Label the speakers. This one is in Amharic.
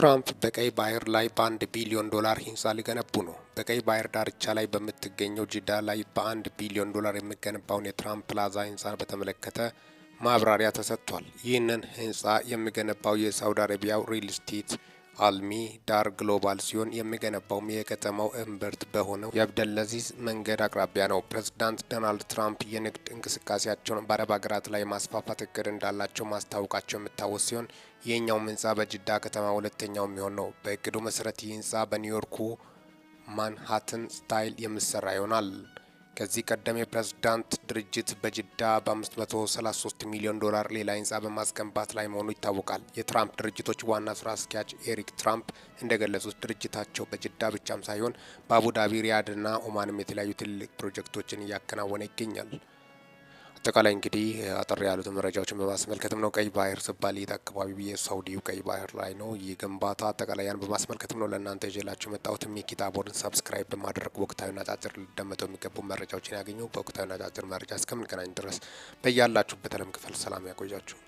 Speaker 1: ትራምፕ በቀይ ባህር ላይ በአንድ ቢሊዮን ዶላር ህንፃ ሊገነቡ ነው። በቀይ ባህር ዳርቻ ላይ በምትገኘው ጅዳ ላይ በአንድ ቢሊዮን ዶላር የሚገነባውን የትራምፕ ፕላዛ ህንፃን በተመለከተ ማብራሪያ ተሰጥቷል። ይህንን ህንፃ የሚገነባው የሳውዲ አረቢያው ሪል ስቴት አልሚ ዳር ግሎባል ሲሆን የሚገነባውም የከተማው እምብርት በሆነው የአብደለዚዝ መንገድ አቅራቢያ ነው። ፕሬዝዳንት ዶናልድ ትራምፕ የንግድ እንቅስቃሴያቸውን በአረብ ሀገራት ላይ ማስፋፋት እቅድ እንዳላቸው ማስታወቃቸው የሚታወስ ሲሆን ይህኛው ህንፃ በጅዳ ከተማ ሁለተኛው የሚሆን ነው። በእቅዱ መሰረት ይህ ህንፃ በኒውዮርኩ ማንሃትን ስታይል የሚሰራ ይሆናል። ከዚህ ቀደም የፕሬዝዳንት ድርጅት በጅዳ በ533 ሚሊዮን ዶላር ሌላ ህንፃ በማስገንባት ላይ መሆኑ ይታወቃል። የትራምፕ ድርጅቶች ዋና ስራ አስኪያጅ ኤሪክ ትራምፕ እንደገለጹት ድርጅታቸው በጅዳ ብቻም ሳይሆን በአቡዳቢ ሪያድና ኦማንም የተለያዩ ትልልቅ ፕሮጀክቶችን እያከናወነ ይገኛል። አጠቃላይ እንግዲህ አጠር ያሉት መረጃዎችን በማስመልከትም ነው። ቀይ ባህር ስባል የት አካባቢ ብዬ ሳውዲው ቀይ ባህር ላይ ነው የግንባታ አጠቃላይ ያን በማስመልከትም ነው ለእናንተ ይዤላችሁ የመጣሁት። ሚኪታ ቦርድን ሰብስክራይብ በማድረግ ወቅታዊና አጫጭር ሊደመጠው የሚገቡ መረጃዎችን ያገኘው። በወቅታዊና አጫጭር መረጃ እስከምንገናኝ ድረስ በያላችሁበት ዓለም ክፍል ሰላም ያቆያችሁ።